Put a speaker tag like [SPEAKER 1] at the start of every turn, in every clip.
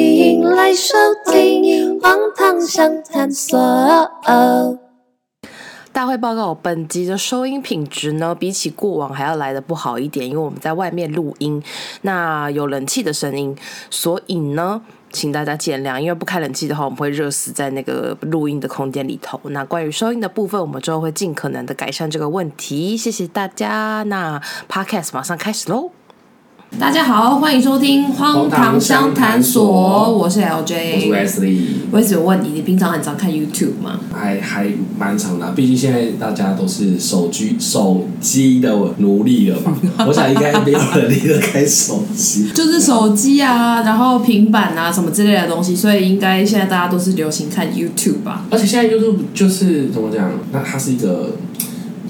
[SPEAKER 1] 歡迎來收聽，荒唐想探索。大會報告，我本集的收音品質呢，比起過往還要來得不好一點，因為我們在外面錄音，那有冷氣的聲音，所以呢，請大家見諒，因為不開冷氣的話，我們會熱死在那個錄音的空間裡頭。那關於收音的部分，我們之後會盡可能的改善這個問題。謝謝大家，那 Podcast 馬上開始嘍。大家好，歡迎收聽荒《荒唐相談所》，我是 LJ，我是 Wesley，我一直有問你，你平常很常看 YouTube 嗎？還還蠻常的，畢
[SPEAKER 2] 竟現在大家都是手機手機的奴隸了嘛， 我想應該沒有人離得開手機，
[SPEAKER 1] 就是手機啊，然後平板啊什麼之類的東西，所以應該現在大家都是流行看 YouTube 吧。而且現
[SPEAKER 2] 在 YouTube 就是、就是、怎麼講，那它是一個。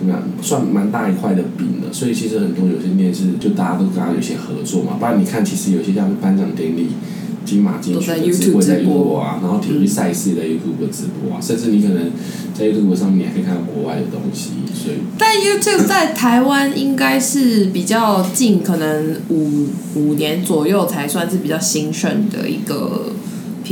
[SPEAKER 2] 怎麼樣？算蠻大一塊的餅了，所以其實很多有些面是就大家都跟他有些合作嘛。不然你看，其實有些像頒獎典禮、金馬金曲都在 YouTube 直播啊，然後體育賽事的 YouTube 直播啊、嗯，甚至你可能在 YouTube 上面也可以看到國外的東西。所以
[SPEAKER 1] 在 YouTube 在台灣應該是比較近，可能五五年左右才算是比較興盛的一個。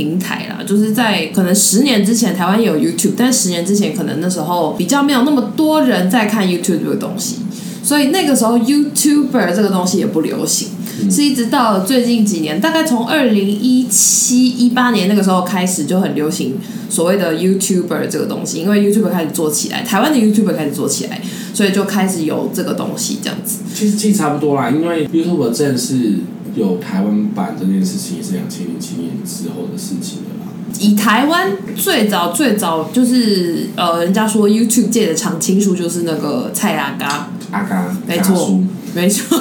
[SPEAKER 1] 平台啦，就是在可能十年之前，台灣也有 YouTube，但十年之前可能那時候比較沒有那麼多人在看 YouTube 這個東西，所以那個時候 YouTuber 這個東西也不流行。嗯、是一直到最近幾年，大概從二零一七一八年那個時候開始就很流行所謂的 YouTuber 這個東西，因為 YouTuber 開始做起來，台灣的 YouTuber 開始做起來，所以就開始有這個東西這樣子。其實其
[SPEAKER 2] 實差不多啦，因為 YouTuber 真是。有台灣版這件事情也是兩千零七年之後的事情
[SPEAKER 1] 了吧。以台灣最早最早就是呃，人家說 YouTube 界的常青樹就是那個蔡阿嘎阿、啊、嘎，沒錯沒錯，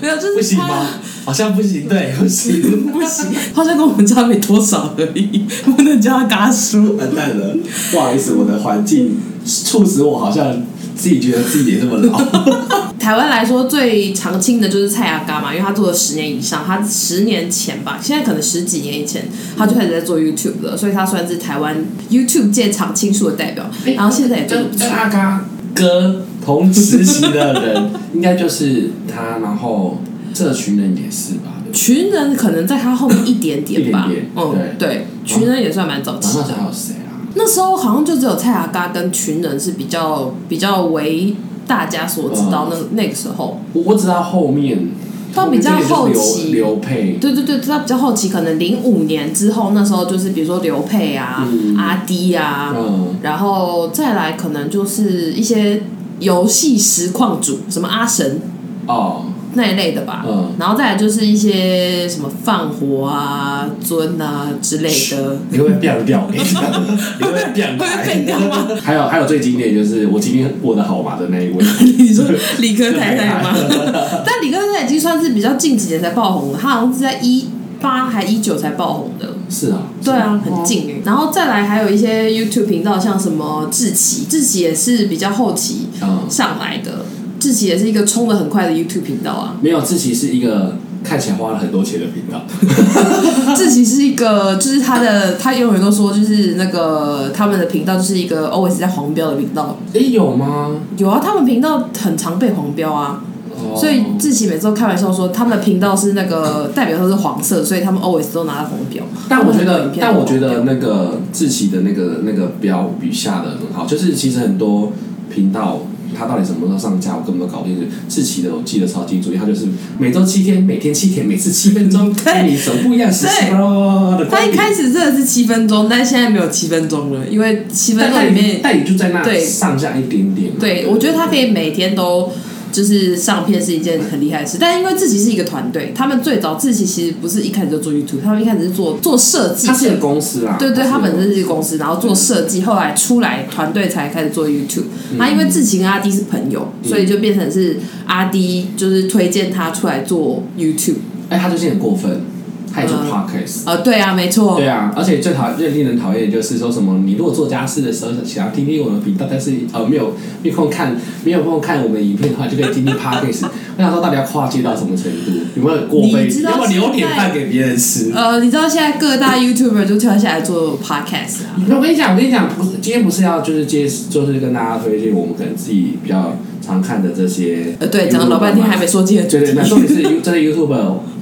[SPEAKER 2] 沒有，這是不行嗎？好像不行，對，不行不行，不行，好像跟我們差沒多少而已，不能叫他嘎叔。完蛋了， 不好意思，我的環境促使我好像。自己覺得自己也這
[SPEAKER 1] 麼老。 台灣來說最常青的就是蔡阿嘎嘛，因為他做了十年以上。他十年前吧，現在可能十幾年以前，他就開始在做 YouTube 了，所以他算是台灣 YouTube 界常青樹的代表，欸。然後現在也就，跟阿嘎
[SPEAKER 2] 哥同時期的人， 應該就是他。然後這群人也是吧？
[SPEAKER 1] 對對，群人可能在他後面一點點吧，吧。 嗯，對，對群人也算蠻早期的。嗯那時候好像就只有蔡阿嘎跟群人是比較比較為大家所知道。那那個時候，
[SPEAKER 2] 我我知道後面
[SPEAKER 1] 到比較後期，
[SPEAKER 2] 劉沛，
[SPEAKER 1] 對對對，比較後期可能零五年之後，那時候就是比如說劉沛啊、mm. 阿滴啊，uh. 然後再來可能就是一些遊戲實況主，什麼阿神哦。Uh. 那一類的吧，嗯，然後再來就是一些什麼放火啊、嗯、尊啊之類的。
[SPEAKER 2] 你會不會變調？你會不台調掉？欸、 你弄弄 還有還有最經典就是我今天過得好嗎的那一位，
[SPEAKER 1] 你說 理科太太嗎？ 但理科太太已經算是比較近幾年才爆紅了，他好像是在一八還一九才爆紅的。是啊，對啊，啊很近、欸嗯。然後再來還有一些 YouTube 頻道，像什麼志祺，志祺也是比較後期上來的。嗯志祺也是一個衝的很快的 YouTube 頻道啊。
[SPEAKER 2] 沒有，志祺是一個看起來花了很多錢的頻道
[SPEAKER 1] 志祺是一個，就是他的，他有很多說，就是那個他們的頻道就是一個 always 在黃標的頻道。哎、欸，有嗎？有啊，他們頻道很常被黃標啊。Oh. 所以志祺每次都開玩笑說，他們的頻道是那個代表都是黃色，所以他們 always 都拿了黃標。但我覺
[SPEAKER 2] 得，他們但我覺得那個志祺的那個那個標比下的很好，就是其實很多頻道。他到底什麼時候上架？我根本都搞不清楚。志祺的我記得超清楚，他就是每週七天，每天七天，每次七分鐘
[SPEAKER 1] 跟你手不一樣十七分鐘。他一開始真的是七分鐘，但現在沒有七分鐘了，因為七分鐘裡面也但也就在那上下一點點對。對，我覺得他可以每天都。就是上片是一件很厲害的事，嗯、但因為智奇是一個團隊，他們最早智奇其實不是一開始就做 YouTube，他們一開始是做做設計。他是公司啊。對對，對，他本身是一個公司，然後做設計、嗯，後來出來團隊才開始做 YouTube、嗯。他因為智奇跟阿 D 是朋友、嗯，所以就變成是阿 D 就是推薦他出來做 YouTube、欸。哎，他最近很過分。嗯太做 podcast、呃呃、對啊，沒錯。對啊，而且
[SPEAKER 2] 最討最令人討厭就是說什麼，你如果做家事的時候想要聽聽我們的頻道，但是呃沒有沒空看，沒有空看我們影片的話，就可以聽聽 podcast。 我想說到底要跨界到什麼程度？有沒有過杯？有沒有留點飯給別人吃？呃，
[SPEAKER 1] 你知道現在各大 YouTuber 都跳下來做 podcast 啊？我、嗯、跟你講，我跟你講，
[SPEAKER 2] 不是今天不是要就是接就是跟大家推薦我們可能自己比較。常看的這些呃，對，講了老半天還沒說幾個。對，對，那到底是這 you, YouTube？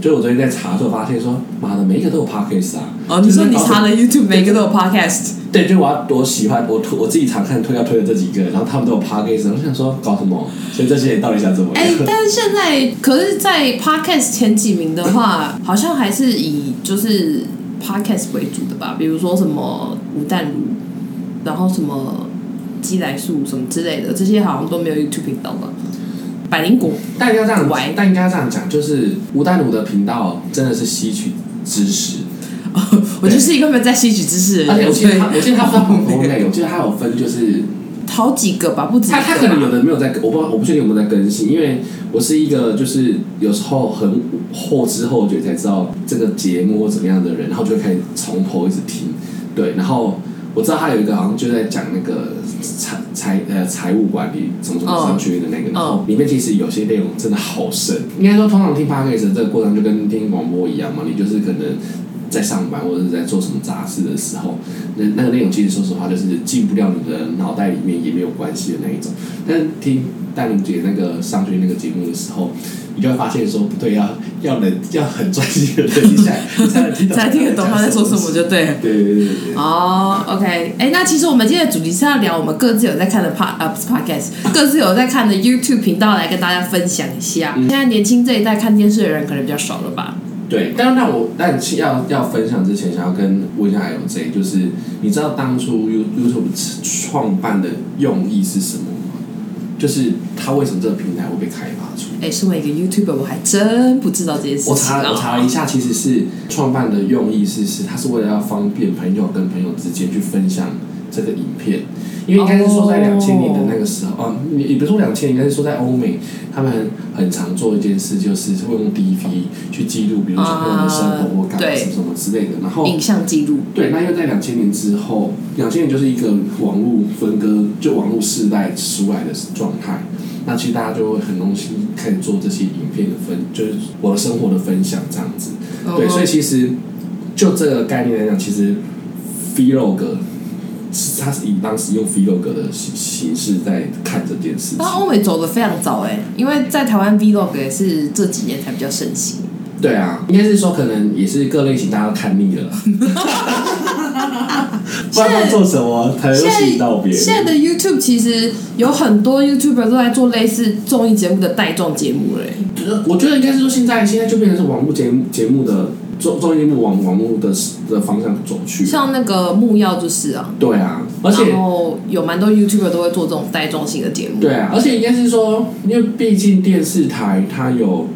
[SPEAKER 2] 就是我昨天在查的時候發現說，媽的，每一個都有 Podcast 啊！哦，你說你查了
[SPEAKER 1] YouTube，每一個都有 Podcast？對，就是我，我，
[SPEAKER 2] 我，多喜歡我推我自己常看推要推的這幾個，然後他們都有 Podcast。我想說，搞什麼？所以這些到底想怎麼？哎、欸，但
[SPEAKER 1] 是現在可是，在 Podcast 前幾名的話、嗯，好像還是以就是 Podcast 為主的吧？比如說什麼吳淡如，然後什麼。雞來素什麼之類的，這些好像都沒有 YouTube 頻道吧？百靈果，
[SPEAKER 2] 但要這樣，但應該這樣講，就是吳丹魯的頻道真的是吸取知識。
[SPEAKER 1] 哦、我就是一個在吸取知識的人，而且我記得他，我記得他,記得他分很多內我記得
[SPEAKER 2] 他有分就是好幾個吧，不止。他他可能有的沒有在，我不我不確定有沒有在更新，因為我是一個就是有時候很之後知後覺才知道這個節目怎麼樣的人，然後就開始從頭一直聽，對，然後。我知道他有一個好像就在講那個財財呃財務管理什麼什麼商學院的那個，oh, oh. 裡面其實有些內容真的好深。應該說，通常聽 podcast 這個過程就跟聽廣播一樣嘛，你就是可能在上班或者是在做什麼雜事的時候，那那個內容其實說實話就是進不了你的腦袋裡面也沒有關係的那一種，但是聽。但解，那個上去那個節目的時候，你就會發現說不對、啊，要要很要很專心的
[SPEAKER 1] 聽一下， 才 才聽得懂他，在，他在說什麼，就對。對對對對、oh。哦，OK，哎、欸，那其實我們今天的主題是要聊我們各自有在看的 Pod、啊、不是 Podcast，各自有在看的 YouTube 頻道來跟大家分享一下。嗯、現在年輕這一代看電視的人可能比較少了吧？
[SPEAKER 2] 對，但是那我但要要分享之前，想要跟問一下 LJ，就是你知道當初 you, YouTube 創辦的用意是什麼？就是它為什麼
[SPEAKER 1] 這個平台會被開發出來？哎，身為一個 YouTuber，我還真不知道這件事情。我查了，我查了一下，其
[SPEAKER 2] 實是創辦的用意是，是它是為了要方便朋友跟朋友之間去分享。這個影片，因為應該是說在兩千年的那個時候，oh. 啊，你你別說兩千年，應該是說在歐美，他們很，很常做一件事，就是會用 DV 去記錄，比如說他們的生活或幹嘛什麼什麼之類的。Uh, 然後影像記錄，對，那又在2在兩千年之後，兩千年就是一個網絡分割，就網絡世代出來的狀態。那其實大家就會很容易看做這些影片的分，就是我的生活的分享這樣子。對，oh. 所以其實就這個概念來講，其實 Vlog。是，他是以當時用 vlog 的形形式在看這件事情。那
[SPEAKER 1] 歐美走得非常早哎，因為在台灣 vlog 也是這幾年才比較盛行。
[SPEAKER 2] 對啊，應該是說可能也是各類型大家都看膩了，不知道他做什麼，才能吸引到別人。現在的
[SPEAKER 1] YouTube 其實有很多 YouTuber 都在做類似綜藝節目的帶狀節目嘞。我
[SPEAKER 2] 覺得，我覺得應該是說現在，現在就變成是網絡節目節目的。做綜藝節目往網絡的的方向走去，像
[SPEAKER 1] 那個木曜就是啊，對啊，而且有蠻多 YouTuber 都會做這種帶狀性的節目，對啊，而且應該是說，
[SPEAKER 2] 因為畢竟電視台它有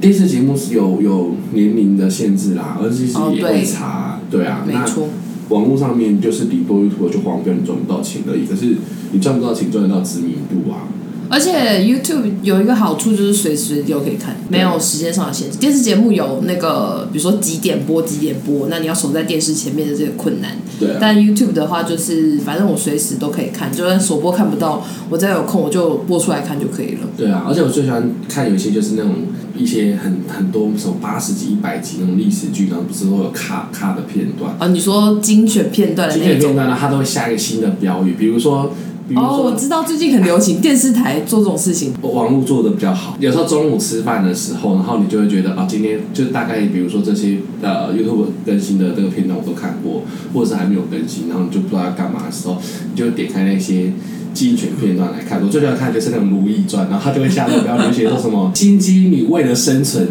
[SPEAKER 2] 電視節目是有有年齡的限制啦，而且是也會查、哦對，對啊，嗯、沒錯，網絡上面就是頂多、YouTube、就黃跟你賺不到錢而已，可是你賺不到錢賺得到知名度啊。
[SPEAKER 1] 而且 YouTube 有一個好處就是隨時都可以看，沒有時間上的限制。電視節目有那個，比如說幾點播幾點播，那你要守在電視前面的這個困難。對、啊。但 YouTube 的話就是，反正我隨時都可以看，就算首播看不到，我只要有空我就播出來看就可以了。對啊，而
[SPEAKER 2] 且我最喜歡看有一些就是那種一些很很多什麼八十集、一百集那種歷史劇，然後不是會有卡卡的片段。
[SPEAKER 1] 啊，你說精選片段？精選片段呢，它都
[SPEAKER 2] 會下一個新的標語，比如說。
[SPEAKER 1] 如哦，我知道最近很流行，電視台做這種事
[SPEAKER 2] 情，網絡做的比較好。有時候中午吃飯的時候，然後你就會覺得啊，今天就大概比如說這些呃，YouTube 更新的這個片段我都看過，或者是還沒有更新，然後你就不知道要幹嘛的時候，你就點開那些精選片段來看。 我最喜歡看就是那種《如懿傳》，然後他就會下面比較流行說什麼 心機女為了生存，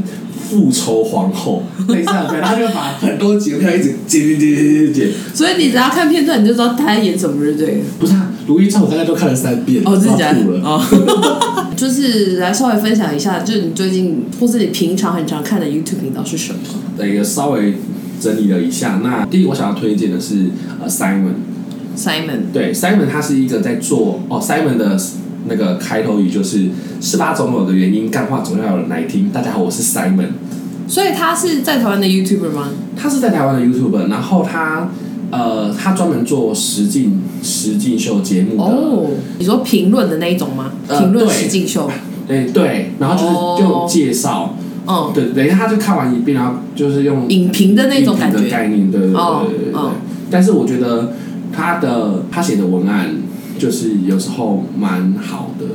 [SPEAKER 2] 復仇皇後，沒錯，對，他就把很多節目一直剪剪剪剪剪。
[SPEAKER 1] 所以你只要看片段，你就知道他在演什麼是對的。不
[SPEAKER 2] 是、啊《如懿傳》，我大概都看了三遍，我、哦、自己哭、啊、了、哦。
[SPEAKER 1] 就是來稍微分享一下，就是你最近或是你平常很常看的 YouTube 頻道是什麼？
[SPEAKER 2] 那個稍微整理了一下，那第一我想要推薦的是、呃、Simon。Simon 對 Simon，他是一個在做哦 Simon 的。那個開頭語就是“十八總有的原因，幹話總要有人來聽。”大家好，我是 Simon。
[SPEAKER 1] 所以他是在台灣的 YouTuber 嗎？
[SPEAKER 2] 他是在台灣的 YouTuber，然後他呃，他專門做實境實境秀節目。
[SPEAKER 1] 哦，你說評論的那一種嗎？評論實境秀。
[SPEAKER 2] 哎、呃，對。然後就是就介紹。哦、嗯，對，等一下他就看完一遍，然後就是用影評的那種感覺概念，對對對對對。嗯、但是我覺得他的他寫的文案，就是有時候蠻好的，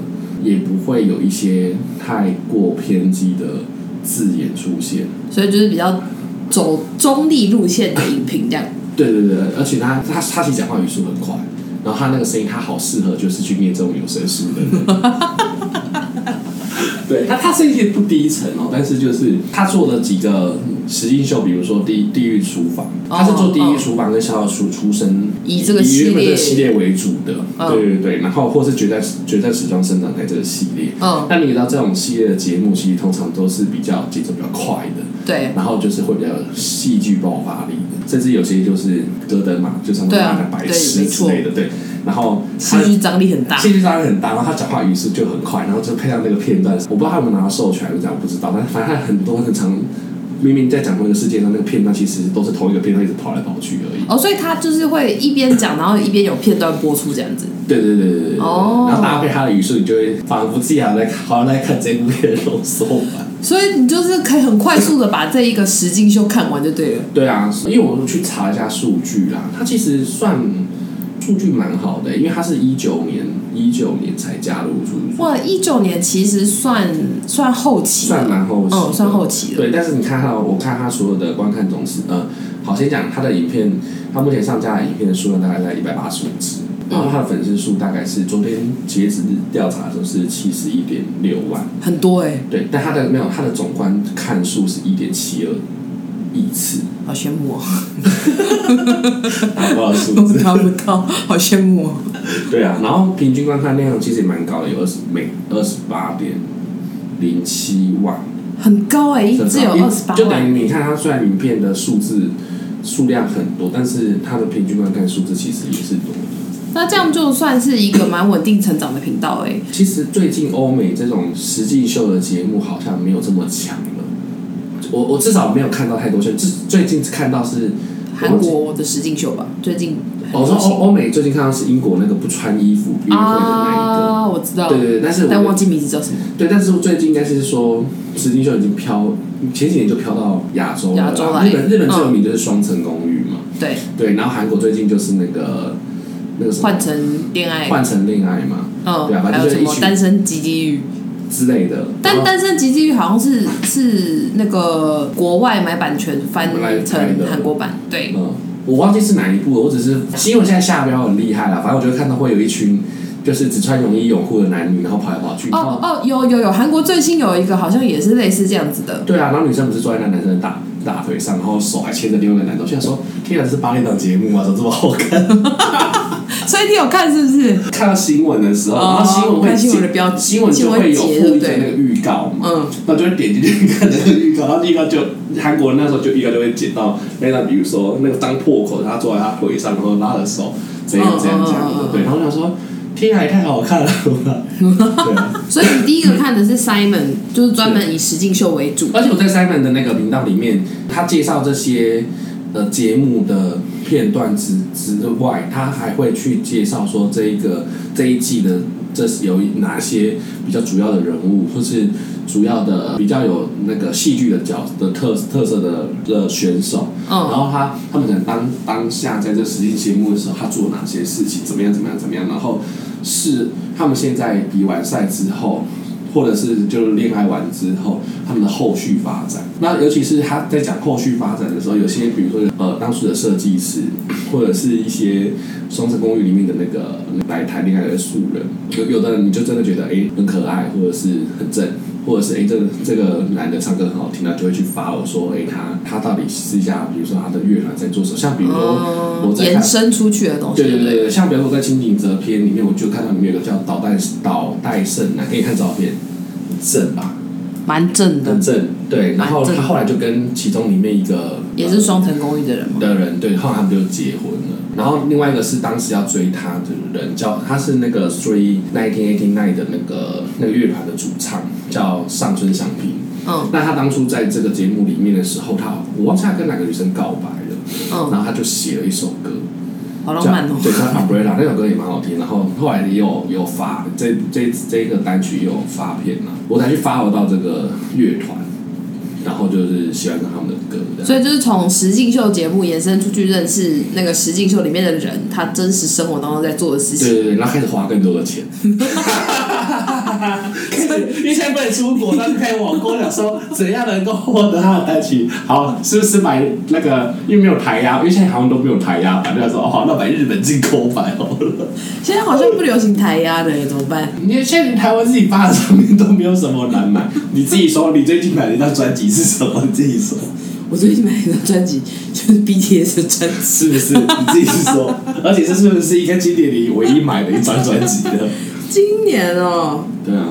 [SPEAKER 2] 也不會有一些太過偏激的字眼出現，
[SPEAKER 1] 所以就是比較走中立路線的影評這樣。
[SPEAKER 2] 對對對，而且他他他其實講話語速很快，然後他那個聲音，他好適合就是去念這種有聲書的。 對，那他他一些不低沉哦，但是就是他做了幾個實境秀，比如說《地地獄廚房》，他是做《地獄廚房》哦、廚房跟《小小廚神，以這個系列以以日本的系列為主的、哦，對對對，然後或是絕《決戰決戰時裝伸展台這個系列。嗯、哦，那你知道這種系列的節目，其實通常都是比較節奏比較快的，對，然後就是會比較戲劇爆發力甚至有些就是戈登嘛，就什麼那個白痴之類的，對。對然後戲劇張力很大，戲劇張力很大。然後他講話語速就很快，然後就配上那個片段，我不知道他有沒有拿到授權，這樣我不知道。但反正他很多很長，明明在講同一個世界上那個片段，其實都是同一個片段一直跑來跑去而已。
[SPEAKER 1] 哦，所以他就是會一邊講， 然後一邊有片段播出這樣子。
[SPEAKER 2] 對對對對對。哦。然後搭配他的語速，你就會仿佛自己好像在看這部片的後版。
[SPEAKER 1] 所以你就是可以很快速的把這一個實境秀看完就對了。
[SPEAKER 2] 對啊，因為我去查一下數據啦，他其實算。數據蠻好的、欸，因為他是一九年，一九年才加入。
[SPEAKER 1] 或者一九年其實算、嗯、算後期，算蠻
[SPEAKER 2] 後期、哦，算後期了。對，但是你看哈、嗯，我看他所有的觀看總值嗯、呃，好先講他的影片，他目前上架的影片數量大概在一百八十五支然後他的粉絲數大概是昨天截止日調查的時候是七十一點六萬，很多誒、欸，對，但他的沒有他的總觀看數是一點七二。一次，好羨慕哦！哈哈哈數字？
[SPEAKER 1] 看不到，好羨慕哦。
[SPEAKER 2] 對啊，然後平均觀看量其實也蠻高的，有二十每二十八點零七萬，
[SPEAKER 1] 很高哎、欸，一直有二十八萬，就等於你看它
[SPEAKER 2] 雖然影片的數字數量很多，但是它的平均觀看數字其實也是多。
[SPEAKER 1] 那這樣就算是一個蠻穩定成長的頻道哎、
[SPEAKER 2] 欸。 其實最近歐美這種實境秀的節目好像沒有這麼強。我我至少沒有看到太多，就最最近只看到是韓國的實境秀吧。最近，我說歐歐美最近看到是英國那個不穿衣服約會的那一個、啊，我知道。對對，對，但是我但忘記名字叫什麼。對，但是我最近應該是說實境秀已經飄，前幾年就飄到亞洲了、啊。亞洲，日本、嗯、日本最有名就是雙層公寓嘛。嗯、對對，然後韓國最近就是那個那個什
[SPEAKER 1] 麼換成戀愛，換成戀愛
[SPEAKER 2] 嘛。嗯，對、啊，還有什麼單身吉吉語。之類的，但《單
[SPEAKER 1] 身吉吉好像是是那個國外買版權翻成韓國版，對，嗯，
[SPEAKER 2] 我忘記是哪一部了，因為我只是新聞現在下標很厲害了，反正我覺得看到會有一群就是只穿泳衣泳褲的男女，然後跑來跑
[SPEAKER 1] 去。哦哦，有有有，韓國最新有一個好像也是類似這樣子的，
[SPEAKER 2] 對啊，然後女生不是坐在那男生的大大腿上，然後手還牽着另外一個男生，現在說天然是バラエティ節目嘛、啊，怎麼這麼好看？
[SPEAKER 1] 所以你有看，是不是？
[SPEAKER 2] 看到新聞的時候，oh, 然後新聞會新聞就會有附一個那個預告嘛，嗯，那就會點進去看那個預告。然後第一個就韓國人那時候就一個就會剪到那個，比如說那個張破口，他坐在他腿上，然後拉着手這樣這樣這樣的，oh, oh, oh, oh, oh, oh. 對。然後我想說，天啊太好看了吧！
[SPEAKER 1] 對 所以你第一個看的是 Simon， 就是專門以實境秀為主。
[SPEAKER 2] 而且我在 Simon 的那個頻道裡面，他介紹這些。呃，節目的片段之之外，他還會去介紹說這一個這一季的這是有哪些比較主要的人物，或是主要的比較有那個戲劇的角的特特色的的選手。嗯、oh. 然後他他們可能當當下在這實際節目的時候，他做了哪些事情，怎麼樣怎麼樣怎麼樣，然後是他們現在比完賽之後。或者是就是戀愛完之後他們的後續發展，那尤其是他在講後續發展的時候，有些比如說呃當初的設計師，或者是一些《雙城公寓》裡面的那個來談戀愛的素人，有有的人你就真的覺得哎、欸、很可愛，或者是很正。或者是誒、欸，這個這個男的唱歌很好聽，他就會去發我說，誒、欸，他他到底試一下，比如說他的樂團在做什麼？像比如說、哦、我在延
[SPEAKER 1] 伸出去的東西，對
[SPEAKER 2] 對對。像比如說在輕井澤篇裡面，我就看到裡面有個叫島袋島袋聖那給你看照片，正吧，蠻正的，正對。然後他後來就跟其中裡面一個也是雙層公寓的人的人，對。後來他們就結婚了。然後另外一個是當時要追他的人，叫他是那個 Three Nineteen Eighty Nine 的那個那個樂團的主唱。叫上春上品。嗯，那他當初在這個節目裡面的時候，他我忘記他跟哪個女生告白了。嗯，然後他就寫了一首歌，好浪漫哦。對，他《Pompeii》那首歌也蠻好聽。然後後來也有有發這這這，這一個單曲，有發片嘛。我才去 follow 到這個樂團，然後就是喜歡上他們的歌。所
[SPEAKER 1] 以就是從《實境秀》節目延伸出去，認識那個《實境秀》裡面的人，他真實生活當中在做的事情。對對對，然後開始花更多的錢。
[SPEAKER 2] 因為現在不能出國，但是可以網購了。想說怎樣能夠獲得他的愛情？好，是不是買那個？因為沒有台壓，因為現在好像都沒有台壓嘛。就說哦，那買日本進口版
[SPEAKER 1] 好了。現在好像不流行台壓的，怎麼辦？你現在台灣自己發的唱片
[SPEAKER 2] 都沒有什麼人買。 你自己說，你最近買了一張專輯是什麼？你自己說。我最近買了一張專輯，就是 BTS 的專輯。是不是？你自己說。而且這是不是一個今年裡唯一買的一張專輯的？
[SPEAKER 1] 今年哦、喔。對啊。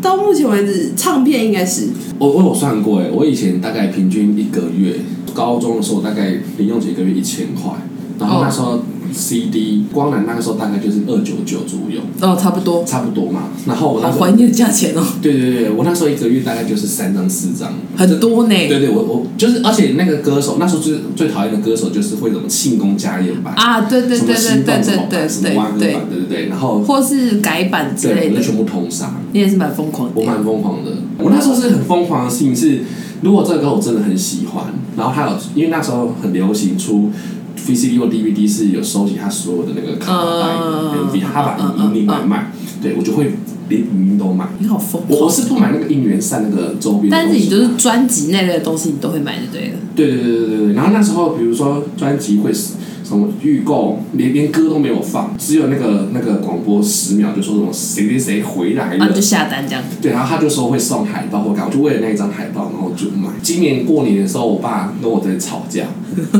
[SPEAKER 1] 到目前為止，唱片應該是
[SPEAKER 2] 我我有算過誒，我以前大概平均一個月，高中的時候大概零用錢一個月一千塊，然後那時候 CD、oh. 光南那個時候大概就是二九九左右，哦、oh,，差不多，差不多嘛。然後我好懷
[SPEAKER 1] 念價錢哦、喔。對
[SPEAKER 2] 對對，我那時候一個月大概就是三張四張，很多呢。對對，我我就是，而且那個歌手那時候、就是、最最討厭的歌手就是會、ah, 對對對什麼慶功加演
[SPEAKER 1] 版啊，對對對對對對對對對對對,對,對,對,對,對,對,對,對，然後或是改版之類的，對全部通殺。你也是蠻瘋狂的，我蠻
[SPEAKER 2] 瘋狂的。我，我那時候是很瘋狂的事情是如果這個歌我真的很喜歡，然後還有因為那時候很流行出 VCD 或 DVD，是有收集他所有的那個卡帶的 MV 他、uh, uh, uh, uh, uh, uh、把音音力買賣，對我就會連影音都買。你好瘋狂！我是不買那個應援扇那個週邊，但是你就是
[SPEAKER 1] 專輯那類的東西，你都會買就對了。
[SPEAKER 2] 對對對對對對對。然後那時候，比如說專輯會。什麼預購，連連歌都沒有放，只有那個那個廣播十秒，就說什麼誰誰誰回來了。啊，就下
[SPEAKER 1] 單這樣。對，
[SPEAKER 2] 然後他就說會送海報或幹嘛，就為了那一張海報，然後就買。今年過年的時候，我爸跟我在吵架，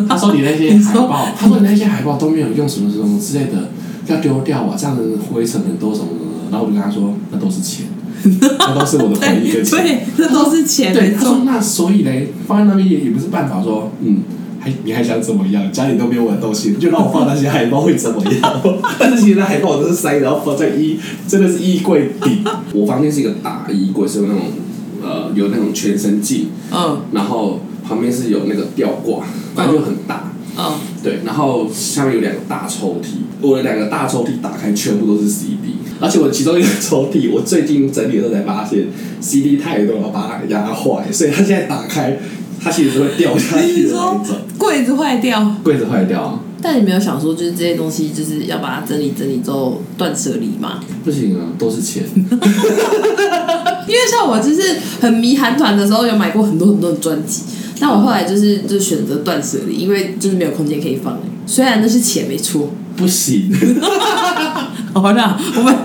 [SPEAKER 2] 他說，你那些海報， 說他說，你那些海報都沒有用什麼什麼之類的，要丟掉啊，這樣子灰塵很多什麼什麼。然後我就跟他說，那都是錢， 那都是我的回憶的錢。對，
[SPEAKER 1] 這都是錢。他說對
[SPEAKER 2] 他說，那所以嘞，放在那邊也也不是辦法說，說嗯。你還想怎麼樣？家裡都沒有我的東西，你就讓我放那些海報會怎麼樣？ 但是其實那海報我都是塞，然後放在衣，真的是衣櫃底。我房間是一個大衣櫃，是有那種呃有那種全身鏡，嗯、哦，然後旁邊是有那個吊掛，反正就很大，嗯、哦，對，然後下面有兩個大抽屜，我的兩個大抽屜打開全部都是 CD，而且我其中一個抽屜我最近整理的時候才發現 CD 太多了，把它壓壞，所以它現在打開。它
[SPEAKER 1] 其實是會掉下去。你說櫃子壞掉？櫃子壞掉。但你沒有想說，就是這些東西，就是要把它整理整理之後斷捨離嘛？不行啊，都是錢。 因為像我，就是很迷韓團的時候，有買過很多很多的專輯。那我後來就是就選擇斷舍離，因為就是沒有空間可以放誒、欸。雖然那是錢沒錯，不行。 好了，我們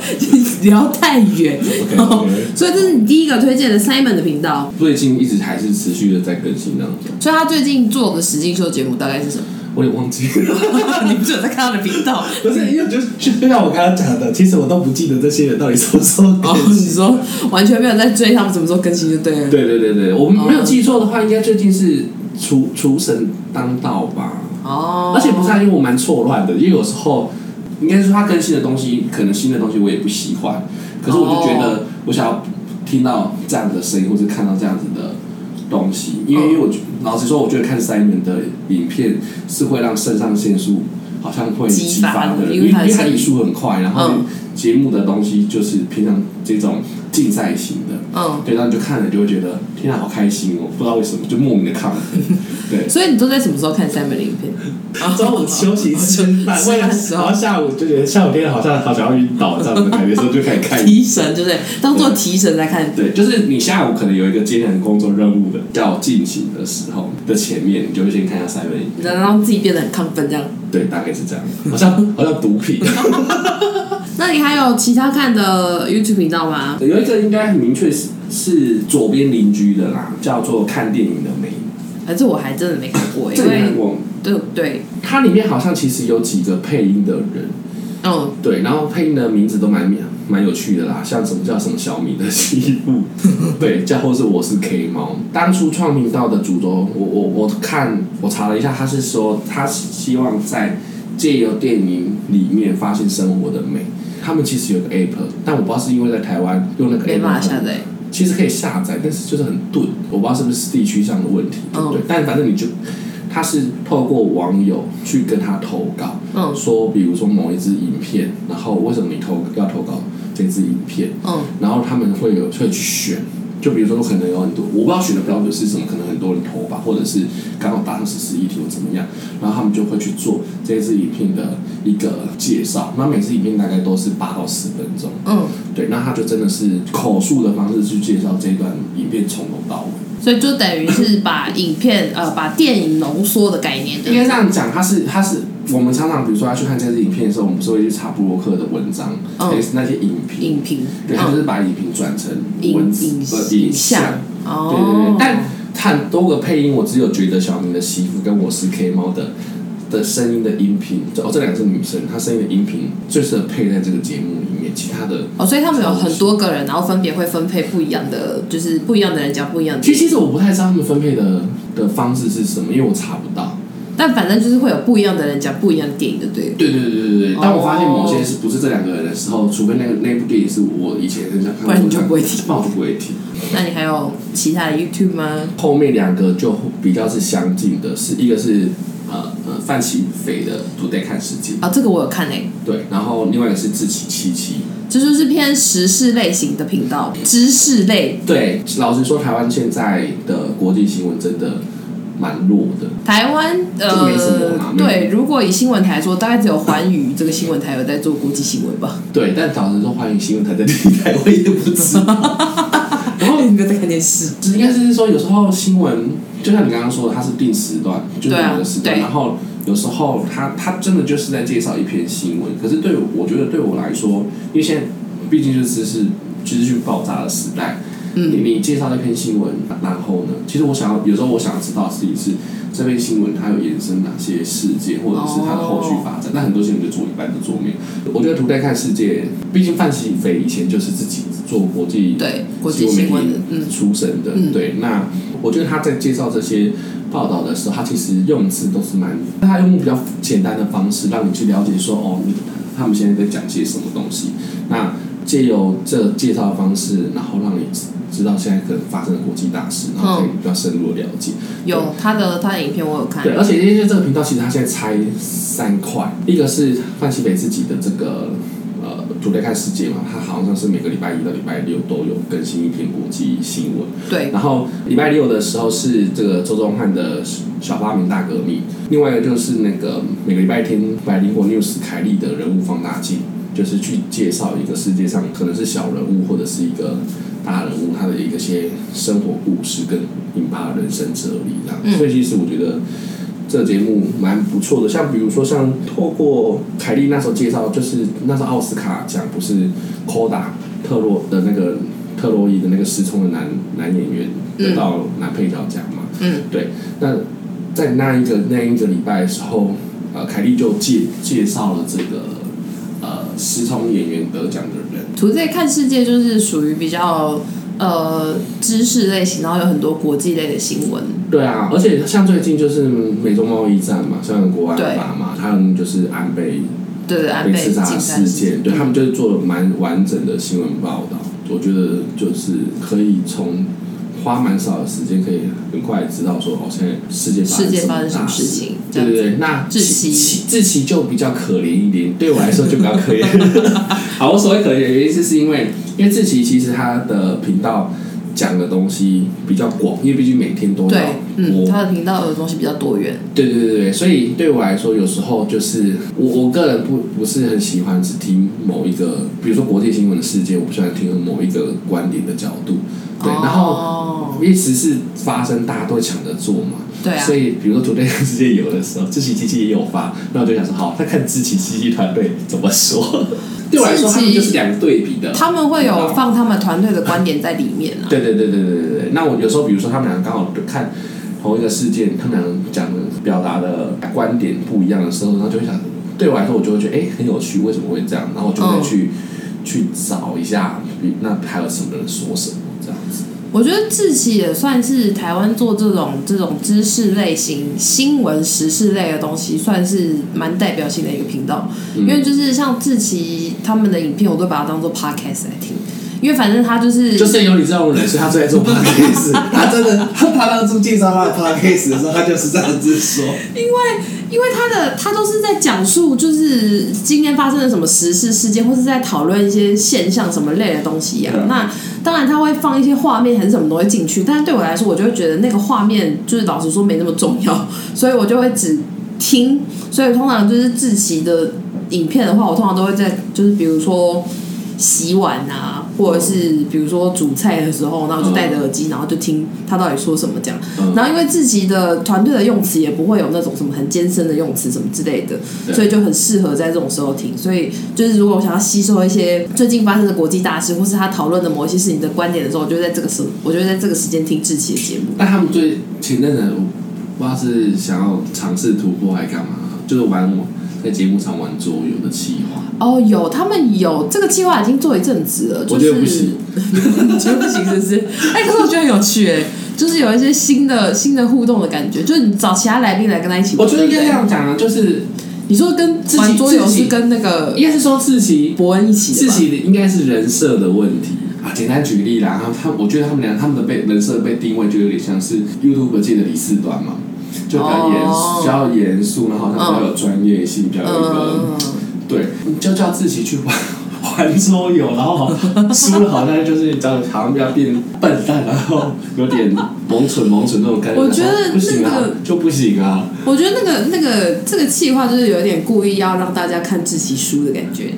[SPEAKER 1] 聊太遠。Okay, okay. 所以這是你第一個推薦的 Simon 的頻道。
[SPEAKER 2] 最近一直還是持續的在更新這樣子。
[SPEAKER 1] 所以他最近做的實境秀節目大概是什麼？
[SPEAKER 2] 我也忘記了， 你
[SPEAKER 1] 不是有在看他的頻道， 不是，因
[SPEAKER 2] 為就是就像我剛剛講的，其實我都不記得這些人到底什麼時候更新，oh, 你說
[SPEAKER 1] 完全沒有在追他們什麼時候更新就對了。 對
[SPEAKER 2] 對對對，我們沒有記
[SPEAKER 1] 錯的話，oh. 應該最近是
[SPEAKER 2] 廚廚神當道吧？哦、
[SPEAKER 1] oh.，而且不是，啊，因
[SPEAKER 2] 為我蠻錯亂的，因為有時候應該是他更新的東西，可能新的東西我也不喜歡，可是我就覺得我想要聽到這樣的聲音，或者看到這樣子的東西，因為、oh. 因為我覺老實說，我覺得看賽門的影片，是會讓腎上腺素好像會激發的，因為反應速度很快，然後節、嗯、目的東西就是平常這種。競賽型的，嗯，對，然後你就看了，就會覺得天啊，好開心哦，喔！不知道為什麼，就莫名的亢奮，對。
[SPEAKER 1] 所以你都在什麼時候看《三門》影片？啊，哦，中午休息吃飯，為了然後下午就覺得下午天好像好想要暈倒這樣子的感覺，哦，時候就開始看提神，就是對，當做提神在看。
[SPEAKER 2] 對，就是你下午可能有一個艱難的工作任務的要進行的時候的前面，你就會先看一下《三門》影
[SPEAKER 1] 片，然後讓自己變得很亢奮這樣。
[SPEAKER 2] 對，大概是這樣，好像好像毒品。
[SPEAKER 1] 那你還有其他看的 YouTube 頻道嗎？有一
[SPEAKER 2] 個應該很明確是是左邊鄰居的啦，叫做看電影的美女。
[SPEAKER 1] 這我還真的沒看
[SPEAKER 2] 過，欸，對，對，對，它裡面好像其實有幾個配音的人。哦，對，然後配音的名字都蠻蠻有趣的啦，像什麼叫什麼小米的西部 對，或是我是 K 貓。當初創頻道的主軸，我我我看我查了一下，他是說他希望在。借由電影裡面發現生活的美，他們其實有個 app，但我不知道是因為在台灣用那個 app，下載，其實可以下載，但是就是很鈍，我不知道是不是地區上的問題，對、oh. 對，但反正你就，他是透過網友去跟他投稿，oh. 說比如說某一支影片，然後為什麼你投要投稿這支影片，oh. 然後他們會有，會去選。就比如說可能有很多，我不知道選的標準是什麼，嗯，可能很多人投吧，或者是剛好達成十十一條怎麼樣，然後他們就會去做這支影片的一個介紹。那每次影片大概都是八到十分鐘，嗯，對，那他就真的是口述的方式去介紹這段影片從頭到尾，
[SPEAKER 1] 所以就等於是把影片 呃，把電影濃縮的概念對
[SPEAKER 2] 對。應該這樣講，它是它是。他是我們常常比如說要去看這支影片的時候，我們不是會去查布洛克的文章，哦、還是那些影評？影評對，他、哦、就是把影評轉成文字、呃，影像。哦，對對對。但很多個配音，我只有覺得小明的媳婦跟我是 K 貓的的聲音的音頻，哦，這兩個是女生她聲音的音頻最適合配在這個節目裡面。其他的
[SPEAKER 1] 哦，所以他們有很多個人，然後分別會分配不一樣的，就是不一樣的人家不一樣的。其
[SPEAKER 2] 實，其實我不太知道他們分配的的方式是什麼，因為我
[SPEAKER 1] 查不到。但反正就是會有不一樣的人講不一樣的電影的，對。對對對
[SPEAKER 2] 對對對。當我發現某些是不是這兩個人的時候，oh. 除非那個那部電影是我以前很想看，不然你就不會提，我就不會提。
[SPEAKER 1] 那你還有其他的 YouTube 嗎？
[SPEAKER 2] 後面兩個就比較是相近的是，是一個是呃呃范琪斐的《都得看世界》啊、oh,，這個我有看誒、欸。對，然後另外一個是志祺七七，
[SPEAKER 1] 這就是偏時事類型的頻道， 知識類。
[SPEAKER 2] 對，老實說，台灣現在的國際新聞真的。蠻弱
[SPEAKER 1] 的台，台灣呃沒什麼、啊對沒什麼啊，對，如果以新聞台來說，大概只有寰宇這個新聞台有在做國際新聞吧。 對，但老實說，寰宇新聞台在電台我也不
[SPEAKER 2] 知道， 然後你們在看電視，應該是說有時候新聞，就像你剛剛說的，它是定時段，就是有時段對、啊，然後有時候它它真的就是在介紹一篇新聞，可是對我我覺得對我來說，因為現在畢竟就是是就是去爆炸的時代。你、嗯、你介紹這篇新聞，然後呢？其實我想要有時候我想要知道的是一次這篇新聞它有延伸哪些事件，或者是它的後續發展。哦、那很多新聞就做一半的桌面，我覺得《圖在看世界》，畢竟范琪斐以前就是自己做國際對國際媒體出身的。對，的嗯、對那我覺得他在介紹這些報道的時候，他其實用詞都是蠻，他用比較簡單的方式讓你去了解說哦，他們現在在講些什麼東西。那借由這介紹的方式，然後讓你知道現在可能發生的國際大事，然後可以比較深入的了解。嗯、有
[SPEAKER 1] 他的他的影片，我有看。對，而且因
[SPEAKER 2] 為這個頻道其實他現在拆三塊、嗯，一個是范西北自己的這個呃 “TODAY 看世界”嘛，他好像是每個禮拜一到禮拜六都有更新一篇國際新聞。對。然後禮拜六的時候是這個周宗漢的“小發明大革命”，另外一個就是那個每個禮拜天白靈果 News 凱莉的人物放大鏡。就是去介紹一個世界上，可能是小人物或者是一個大人物，他的一個些生活故事跟引發人生哲理這樣、嗯。所以其實我覺得這節目蠻不錯的。像比如說像透過凱莉那時候介紹，就是那時候奧斯卡獎不是科打特洛的那個特洛伊的那個失聰的男男演員得到男配角獎嘛？嗯，對。那在那一個那一個禮拜的時候，呃，凱莉就介介紹了這個。視通演員得獎的人，
[SPEAKER 1] 除了在看世界就是屬於比較呃知識類型，然後有很多國際類的新聞。
[SPEAKER 2] 對啊，而且像最近就是美中貿易戰嘛，像國安法嘛對，他們就是安倍
[SPEAKER 1] 對對,對安倍刺殺事,事
[SPEAKER 2] 件，對他們就是做了蠻完整的新聞報道、嗯，我覺得就是可以從。花蠻少的時間，可以很快知道說，好、哦、像世界發生什,什麼事情？對對對，那志祺，志祺就比較可憐一點。對我來說就比較可憐。 好，我所謂可憐的原因，是因為因為志祺其實他的頻道講的東西比較廣，因為畢竟每天都要播，對嗯、播他
[SPEAKER 1] 的頻道的東西比較多
[SPEAKER 2] 元。對對對，對所以對我來說，有時候就是我我個人不不是很喜歡只聽某一個，比如說國際新聞的世界，我不喜歡聽某一個觀點的角度。對，然後一直是發生，大家都會搶着做嘛。對啊。所以，比如說 Today 看世界有的時候，志祺七七也有發，那我就想說，好，那看志祺七七團隊怎麼說。 對我來說，他們就是兩個對比的。他
[SPEAKER 1] 們會有放他們團隊的觀點在裡面
[SPEAKER 2] 啊。啊對對對對對對，對那我有時候，比如說他們兩個剛好看同一個事件，他們兩個講表達的觀點不一樣的時候，那就會想，對我來說，我就會覺得哎、欸，很有趣，為什麼會這樣？然後我就會去、哦、去找一下，那還有什麼人說什麼？
[SPEAKER 1] 我覺得志祺也算是台灣做這種這種知識類型、新聞時事類的東西，算是蠻代表性的一個頻道，嗯。因為就是像志祺他們的影片，我都把它當做 podcast 來聽。因為反正他就是就是有你這
[SPEAKER 2] 種人， 所以他最愛做 podcast。他真的他當初介紹他的 podcast 的時候，他就是這樣子
[SPEAKER 1] 說。因為。因為他的他都是在講述，就是今天發生了什麼時事事件，或是在討論一些現象什麼類的東西呀、啊。Yeah. 那當然他會放一些畫面還是什麼東西進去，但對我來說，我就會覺得那個畫面就是老實說沒那麼重要，所以我就會只聽。所以通常就是自習的影片的話，我通常都會在就是比如說洗碗啊。或者是比如說煮菜的時候，然後就戴着耳機，然後就聽他到底說什麼這樣，然後因為志祺的團隊的用詞也不會有那種什麼很艱深的用詞什麼之類的，所以就很適合在這種時候聽。所以就是如果我想要吸收一些最近發生的國際大事，或是他討論的某一些事情的觀點的時候，我就在這個時候，我就會在這個時間聽志祺的節目、嗯。
[SPEAKER 2] 那他們最前陣子不知道是想要嘗試突破還是幹嘛，就是玩，玩。在節目上玩桌遊的企
[SPEAKER 1] 劃哦，有他們有這個計劃已經做一陣子了，就是，我覺得不行， 覺得不行是不是？哎， 欸，可是我覺得很有趣哎，欸，就是有一些新的新的互動的感覺，就是你找其他來賓來跟他一起玩，我覺得應該這樣講啊，啊，就是你說跟玩桌遊是跟那個，應該是說志祺，博恩一起的，志祺
[SPEAKER 2] 應該是人設的問題啊。簡單舉例啦，他我覺得他們倆他們的被人設被定位就有點像是 YouTube 界的李四端嘛。就演、oh. 比較嚴，比較嚴肅，然後好像比較有專業性，oh. 比較有一個、oh. 對，就叫自己去玩玩桌遊，然後輸了，好像就是一張， 好像要變笨蛋，然後有點萌蠢萌蠢那種感覺。我覺得那個不行、啊那個、就不行啊！
[SPEAKER 1] 我覺得那個那個這個計劃就是有點故意要讓大家看自習輸的感覺。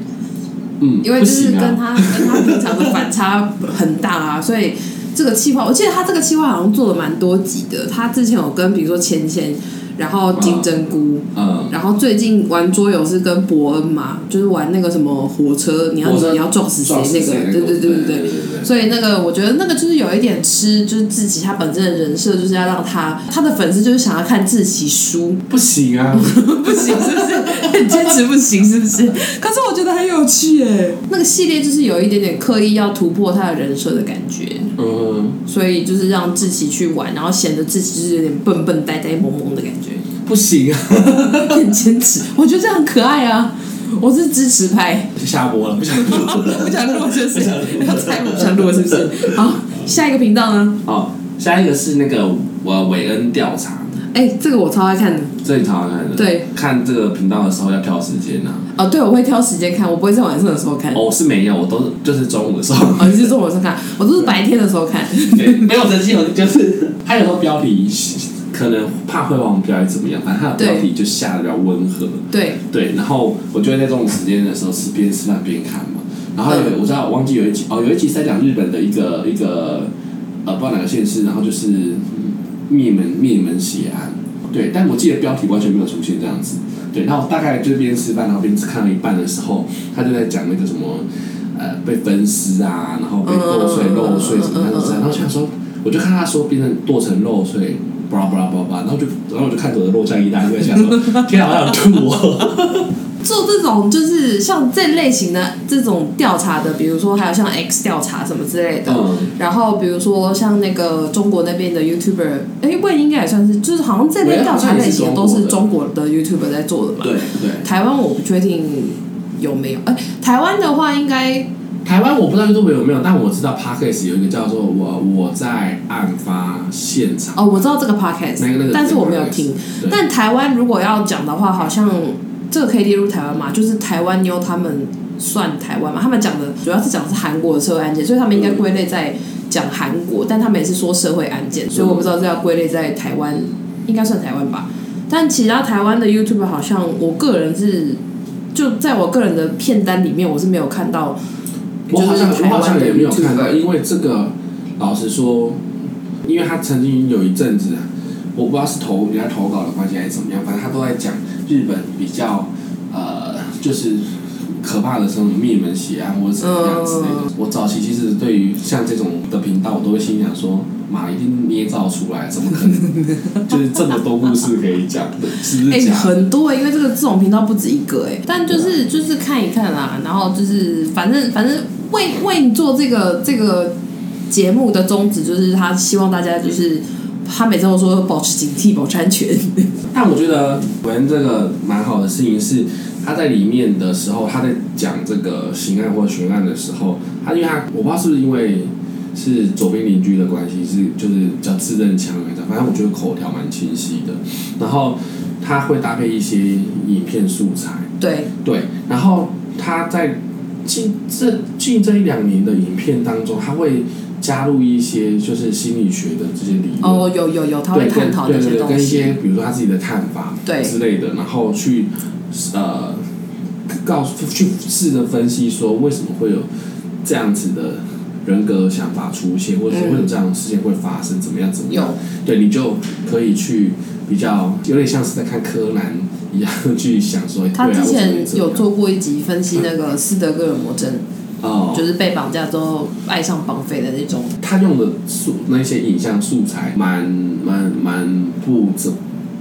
[SPEAKER 1] 嗯，因為就是跟他、啊、跟他平常的反差很大啊，所以。這個氣泡，我記得他這個氣泡好像做了蠻多集的。他之前有跟比如說千千，然後金針菇、啊啊，然後最近玩桌遊是跟伯恩嘛，就是玩那個什麼火車，你要你要撞死、那個、撞死誰那個，對對對對對對對對對對對。所以那個我覺得那個就是有一點吃，就是志祺他本身的人設就是要讓他他的粉絲就是想要看志祺輸，
[SPEAKER 2] 不行啊，
[SPEAKER 1] 不行，是不是？不 堅持不行，是不是？ 可是我覺得很有趣耶、欸。那個系列就是有一點點刻意要突破他的人設的感覺。嗯，所以就是讓志祺去玩，然後顯得自己就是有點笨笨呆呆萌萌的感覺，
[SPEAKER 2] 不行啊，
[SPEAKER 1] 很堅持，我覺得這樣很可愛啊，我是支持派，下播了，不，
[SPEAKER 2] 了 不想錄，不想錄就是，要猜不想錄是不是？
[SPEAKER 1] 好，下一個頻道呢？好，
[SPEAKER 2] 下一個是那個我韋恩調查。
[SPEAKER 1] 哎、欸，這個我超愛看的，
[SPEAKER 2] 這裡超愛看的。對，看這個頻道的時候要挑時間吶、啊。
[SPEAKER 1] 哦，對，我會挑時間看，我不會在晚上
[SPEAKER 2] 的時候看。哦，我是沒有，我都是就是中午的時候。哦，就是中午的時候看， 我都是白天的時候看。對，沒有神我就是它有時候標題可能怕會忘標題怎麼樣，反正它的標題就下得比較溫和。對對，然後我就會在中午時間的時候是邊吃飯邊看嘛。然後有我知道，我忘記有一集哦，有一集在講日本的一個一個呃，不知道哪個縣市，然後就是。嗯滅門滅門血案，對，但我記得標題完全沒有出現這樣子，對，然後大概就是邊吃飯然後邊只看了一半的時候，他就在講那個什麼，呃，被分屍啊，然後被剁碎肉碎什麼什麼什麼，uh uh uh uh uh 然後想說，我就看他說變成剁成肉碎，巴拉巴拉巴拉，巴拉，然後就然後我就看着我的肉在一大塊，想說，天啊，我想吐。哦，
[SPEAKER 1] 做這種就是像這類型的這種調查的，比如說還有像 X 調查什麼之類的、嗯，然後比如說像那個中國那邊的 YouTuber，哎、欸，不應該也算是，就是好像這邊調查類型都是中國、嗯、中國的 YouTuber 在做的嘛。對對。台灣我不確定有沒有，哎、欸，台灣的話應該
[SPEAKER 2] 台灣我不知道 YouTuber 有沒有，但我知道 Podcast 有一個叫做我我在案發現場。
[SPEAKER 1] 哦，我知道這個 Podcast，但是我沒有聽。但台灣如果要講的話，好像。這個可以列入台灣嘛？就是台灣妞他們算台灣嘛？他們講的主要是講的是韓國的社會案件，所以他們應該歸類在講韓國。但他們也是說社會案件，所以我不知道這要歸類在台灣，應該算台灣吧？但其他台灣的 YouTube 好像，我個人是就在我個人的片單裡面，我是沒有看到。好，我好像台灣的也沒有看到，
[SPEAKER 2] 因為這個老實說，因為他曾經有一陣子，我不知道是投人家投稿的關係還是怎麼樣，反正他都在講。日本比較，呃，就是可怕的什麼滅門血案或者什麼樣之類的。我早期其實對於像這種的頻道，我都會心想說，媽一定捏造出來，怎麼可能？ 就是這麼多故事可以講，的，其實、欸、很
[SPEAKER 1] 多、欸，因為這個這種頻道不止一個哎、欸，但就是、嗯、就是看一看啦，然後就是反正反正為為你做這個這個節目的宗旨，就是他希望大家就是。嗯他每次說都說保持警惕，保持安全。
[SPEAKER 2] 但我覺得玩這個蠻好的事情是，他在裡面的時候他在講這個刑案或懸案的時候，他因為他我不知道是不是因為是左邊鄰居的關係，是就是叫自認強來的，反正我覺得口條蠻清晰的。然後他會搭配一些影片素材，對對。然後他在近這近這一兩年的影片當中，他會。加入一些就是心理學的這些理
[SPEAKER 1] 論哦、oh，有有有，他會探討這些東西對，對對，對跟一些
[SPEAKER 2] 比如說他自己的看法之類的，然後去呃告訴去試着分析說為什麼會有這樣子的人格想法出現，或者會有這樣的事情會發生，嗯、怎麼樣怎麼樣。有，對你就可以去比較有點像是在看柯南一樣去想說，他之前、哎、有
[SPEAKER 1] 做過一集分析那個斯德哥爾摩症。嗯 Oh, 就是被綁架之後愛上綁匪的那種。
[SPEAKER 2] 他用的素那些影像素材，蠻蠻蠻不怎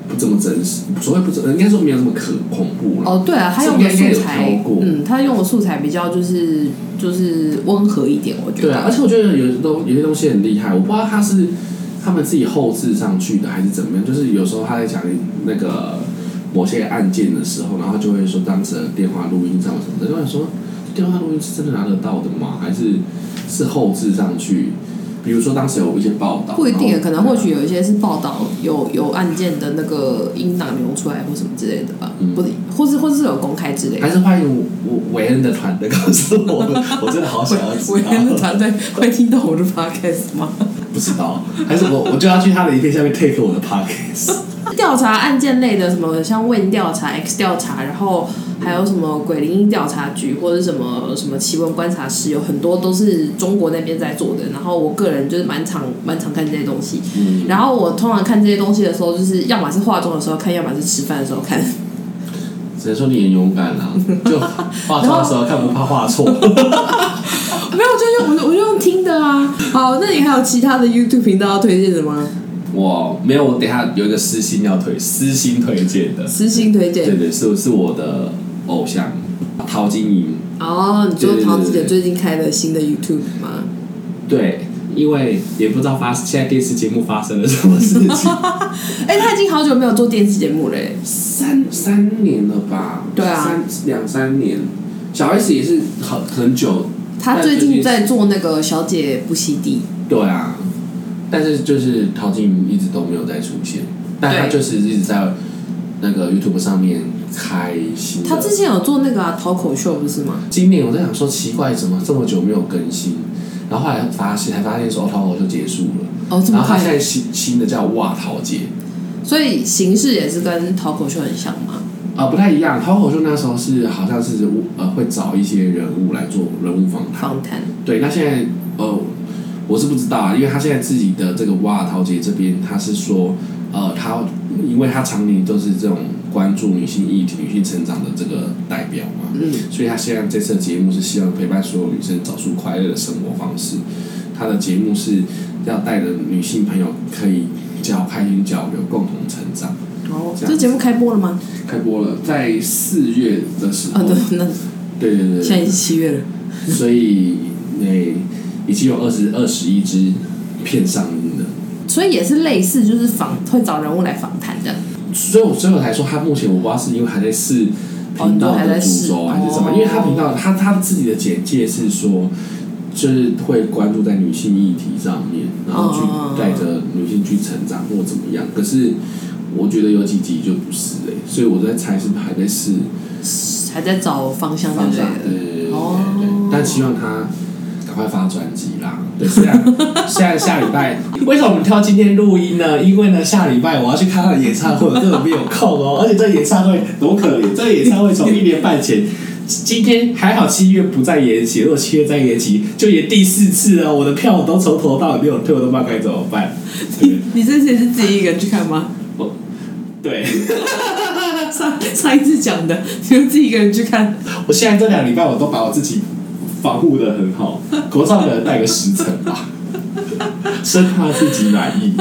[SPEAKER 2] 不怎麼真實，所謂不怎，應該說沒有這麼可恐怖了，哦, oh, 對啊，他用的素材，嗯，
[SPEAKER 1] 他用的素材比較就是就是溫和一點，我覺得。對啊，而且
[SPEAKER 2] 我覺得有東有些東西很厲害，我不知道他是他們自己後製上去的還是怎麼樣。就是有時候他在講那個某些案件的時候，然後就會說當時的電話錄音上什麼的，就會說。調查東西是真的拿得到的嗎？還是是後置上去？比如說當時有一些報
[SPEAKER 1] 道，不一定，可能或許有一些是報道有有案件的那個音檔流出來或什麼之類的吧，或、嗯、者，或是或是有公開之類的。還是歡
[SPEAKER 2] 迎我，維恩的團隊告訴我，我真的好想要知道。 維恩的
[SPEAKER 1] 團隊會聽到我的 podcast 嗎？
[SPEAKER 2] 不知道，還是我我就要去他的影片下面 take 我的 podcast
[SPEAKER 1] 調查案件類的什麼像 Win 調查 X 調查，然後。還有什麼鬼靈調查局，或者什麼什麼奇聞觀察室，有很多都是中國那邊在做的。然後我個人就是蠻常蠻常看這些東西，嗯。然後我通常看這些東西的時候，就是要麼是化妝的時候看，要麼是吃飯的時候看。
[SPEAKER 2] 只能說你很勇敢啊， 就化妝的時候看不怕畫錯。
[SPEAKER 1] 沒有，就用，我我就用聽的啊。好，那你還有其他的 YouTube 頻道要推薦的嗎？
[SPEAKER 2] 我沒有，我等一下有一個私心要推，私心推薦的，私
[SPEAKER 1] 心推薦，對，對
[SPEAKER 2] 對，是是我的偶像陶晶瑩。
[SPEAKER 1] 哦、oh,，你知道陶子姐最近開了新的 YouTube 嗎？對，對，
[SPEAKER 2] 對，對，對，因為也不知道發現在電視節目發生了什麼事
[SPEAKER 1] 情。哎、 欸，他已經好久沒有做電視節目嘞，三三年了吧？對啊，
[SPEAKER 2] 兩三年。小 S 也是很很久，他最近
[SPEAKER 1] 在做那個小姐不熙娣。
[SPEAKER 2] 對啊。但是就是陶晶瑩一直都沒有再出現，但他就是一直在那個 YouTube 上面開新的。他之前
[SPEAKER 1] 有做那個啊、脫口秀，不是嗎？
[SPEAKER 2] 今年我在想說奇怪，怎麼這麼久沒有更新？然後後來發現，才發現說脫口秀結束了。哦，這麼快？然後他現在新新的叫哇陶姐，
[SPEAKER 1] 所以形式也是跟脫口秀很像嗎？
[SPEAKER 2] 啊、呃，不太一樣。脫口秀那時候是好像是呃會找一些人物來做人物訪談。訪談對，那現在哦。呃我是不知道，啊，因為他現在自己的這個哇，陶杰這邊他是說，呃，他因為他常年都是這種關注女性議題、女性成長的這個代表嘛，嗯、所以他現在這次節目是希望陪伴所有女生找出快樂的生活方式。他的節目是要帶着女性朋友可以交開心交流，共同成長。哦這，這節目開播了嗎？開播了，在四月的時候、哦、對，對對,對,對現在是七月了，所以那。 已經有二十二十一支片上映了，
[SPEAKER 1] 所以也是類似，就是訪會找人物來訪談的。所以，所
[SPEAKER 2] 以我最後才說他目前我不知道是因為還在試頻道、哦、還在試還是什麼，因為他頻道、哦、他他自己的簡介是說，就是會關注在女性議題上面，然後去帶着女性去成長、哦、或怎麼樣。可是我覺得有幾集就不是哎、欸，所以我在猜是不是還在試，
[SPEAKER 1] 還在找方向上類
[SPEAKER 2] 的。哦，但希望他。快發專輯啦！對，這樣現在下禮拜。為什麼我們挑今天錄音呢？因為呢，下禮拜我要去看看演唱會，我根本沒有空哦。而且這演唱會多可憐，這演唱會從一年半前，今天還好七月不再延期。如果七月再延期，就延第四次了。我的票我都從頭到尾沒有退，我都不知道該怎麼辦。
[SPEAKER 1] 你你這次是，是自
[SPEAKER 2] 己一個人去看嗎？對。 上上一次講的，就有自己一個人去看。我現在這兩禮拜，我都把我自己，防護的很好，口罩可能戴個十層吧，生 怕自己染疫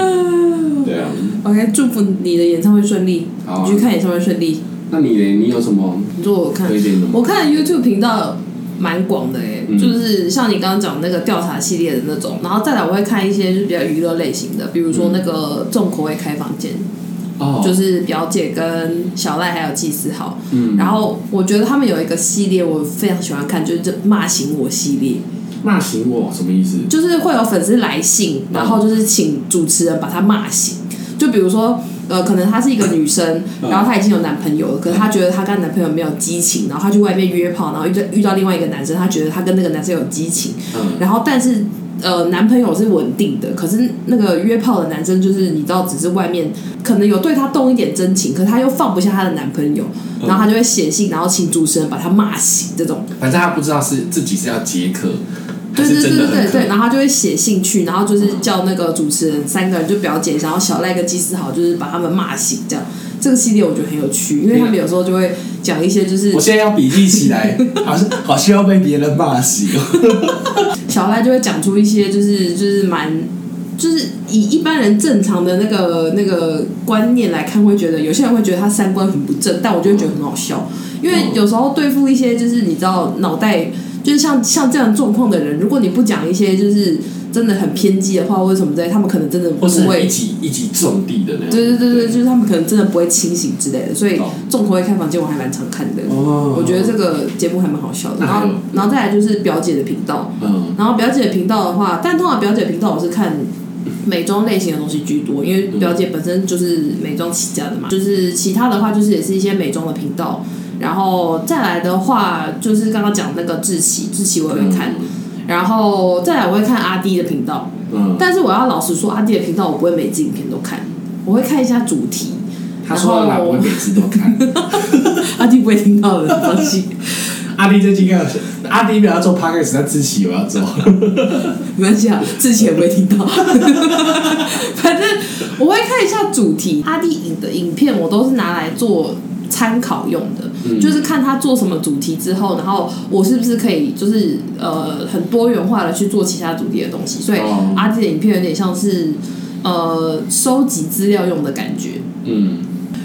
[SPEAKER 2] 對啊，
[SPEAKER 1] 我、okay, k 祝福你的演唱會順利，啊，你去看演唱會順利。那你你有什麼？你說，我看推薦我看的 YouTube 頻道蠻廣的誒、欸嗯，就是像你剛剛講那個調查系列的那種，然後再來我會看一些就是比較娛樂類型的，比如說那個重口味開房間。就是表姐跟小賴還有紀思豪，嗯，然後我覺得他們有一個系列我非常喜歡看，就是這罵醒我系列。罵醒我什麼意思？就是會有粉絲來信，然後就是請主持人把他罵醒。就比如說，呃，可能她是一個女生，然後她已經有男朋友了，可是她覺得她跟男朋友沒有激情，然後她去外面約炮，然後遇遇到另外一個男生，她覺得她跟那個男生有激情，嗯，然後但是。呃，男朋友是穩定的，可是那個約炮的男生就是你知道，只是外面可能有對他動一點真情，可他又放不下他的男朋友，嗯、然後他就會寫信，然後請主持人把他罵醒，這種。反正他
[SPEAKER 2] 不知道是自己是要解渴，對對對對對，對，然
[SPEAKER 1] 後他就會寫信去，然後就是叫那個主持人、嗯、三個人就表姐，然後小賴跟基思好，就是把他們罵醒這樣。這個系列我覺得很有趣，因為他們有時候就會講一些就是，我現
[SPEAKER 2] 在要筆記起來，好像好像要被別人罵死喔。
[SPEAKER 1] 小賴就會講出一些就是就是蠻，就是以一般人正常的那個那個觀念來看，會覺得有些人會覺得他三觀很不正，但我就會覺得很好笑，因為有時候對付一些就是你知道腦袋就是像像這樣狀況的人，如果你不講一些就是。真的很偏激的話，為什麼在他們可能真的不會一起一起種地的那樣對對對，對對對，就是他們可能真的不會清醒之類的，所以《重、oh. 口味看房間》我還蠻常看的。Oh. 我覺得這個節目還蠻好笑的。Oh. 然後，okay. 然後再來就是表姐的頻道。嗯、oh.。然後表姐的頻道的話，但通常表姐頻道我是看美妝類型的東西居多，因為表姐本身就是美妝起家的嘛。Oh. 就是其他的話，就是也是一些美妝的頻道。然後再來的話，就是剛剛講那個志奇，志奇我也沒有看。Okay. 然後再來，我會看阿滴的頻道、嗯，但是我要老實說，阿滴的頻道我不會每支影片都看，我會看一下主題。他說然後我：“我每次
[SPEAKER 2] 都看。 ”阿滴不會聽到的，放心。阿滴最近要
[SPEAKER 1] 阿滴不要做 Podcast，他自己我要做， 沒關係啊，自己也不會聽到。 反正我會看一下主題，阿滴影的影片我都是拿來做參考用的。就是看他做什麼主題之後，然後我是不是可以就是呃很多元化的去做其他主題的東西，所以、哦、阿弟的影片有點像是呃收集資料用的感覺。嗯，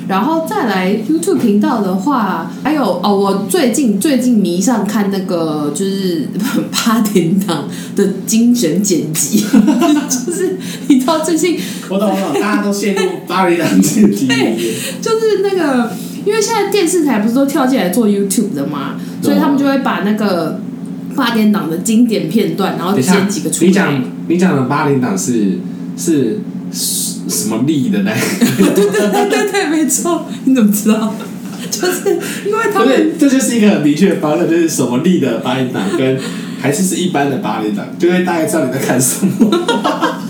[SPEAKER 1] 然後再來 YouTube 頻道的話，還有哦，我最近最近迷上看那個就是八點檔的精選剪輯，就是、 就是、你知道最近，我懂我懂，大家都陷入 八點檔剪 就是那個。因為現在電視台不是都跳進來做 YouTube 的嘛，哦，所以他們就會把那個八點檔的經典片段，然後剪幾個
[SPEAKER 2] 出來。你講，你講的八點檔是是什麼立的呢，哦？
[SPEAKER 1] 對對對對對， 沒錯。你怎麼知道？就是因為
[SPEAKER 2] 他們，這就是一個很明確的方案，就是什麼立的八點檔跟還是是一般的八點檔就會大概知道你在看什麼。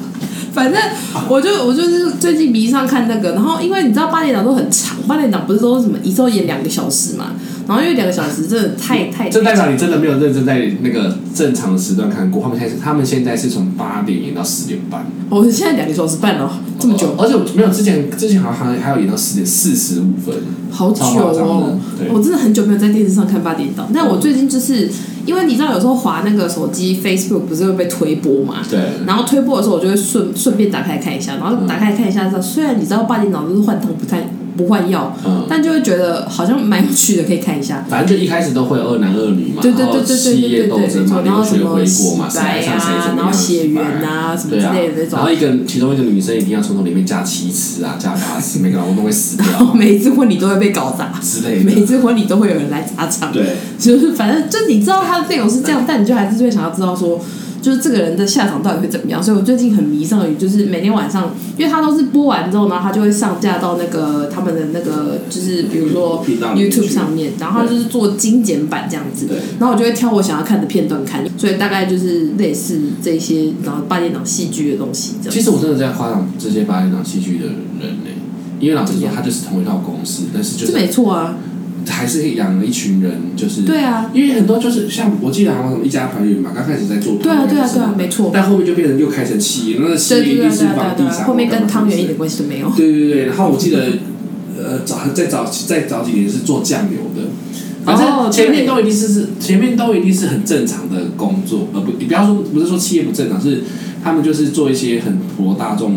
[SPEAKER 1] 反正我就我就是最近迷上看這、那個，然後因為你知道八點檔都很長，八點檔不是說什麼一周演兩個小時嘛，然後因為兩個小時真的太、嗯、太，這代表
[SPEAKER 2] 你真的沒有認真在那個正常的時段看過。他們現在是他們現在是從八點演到十點半，
[SPEAKER 1] 我、哦、們現在兩個小時半了，這麼久，哦、
[SPEAKER 2] 而且沒有之前之前好像還還有演到十點四十五
[SPEAKER 1] 分，好久哦，好哦，我真的很久沒有在電視上看八點檔，但我最近就是。嗯因為你知道，有時候滑那個手機 Facebook 不是會被推播嘛，對，然後推播的時候，我就會順順便打開看一下，然後打開看一下之後，嗯、雖然你知道八點檔就是換湯不換藥。不換藥、嗯，但就會覺得好像蠻有趣的，可以看一下。
[SPEAKER 2] 反正就一開始都會有二男二女嘛，對對對對對對，對嘛對對對，然後什麼喜悲對，然後血緣啊什麼之類的那種、啊。然後一個其中一個女生一定要從頭裡面嫁七次啊，嫁八次，每個老公都會死掉。每一次
[SPEAKER 1] 婚禮都會被搞砸之類的，每次婚禮都會有人來砸場。對，就是反正就你知道他的內容是這樣，但你就還是會想要知道說。就這個人的下場到底會怎麼樣？所以我最近很迷上於，就是每天晚上，因為他都是播完之後呢，後他就會上架到那個他們的那個，就是比如說 YouTube 上面，然後他就是做精簡版這樣子。對。然後我就會挑我想要看的片段看，所以大概就是類似這些然後八點檔戲劇的東西這樣。其實我
[SPEAKER 2] 真的在誇獎這些八點檔戲劇的人類、欸，因為老實說他就是同一套公司，但是就是這沒錯啊。還是養了一群人，就是對啊，因為很多就是像我記得好像一家團圓嘛，剛開始在做對啊，對啊，對啊，對啊沒錯，但後面就變成又開成企業，那企業一定是房地產、啊啊啊啊啊啊啊，後
[SPEAKER 1] 面跟湯圓一點關係都沒有。
[SPEAKER 2] 對對對，對、啊、然後我記得、嗯、呃早再早再早幾年是做醬油的，
[SPEAKER 1] 啊、然後前面都已經是是、啊啊、
[SPEAKER 2] 前面都已經是很正常的工作，呃，不你不要說不是說企業不正常，是他們就是做一些很普羅大眾、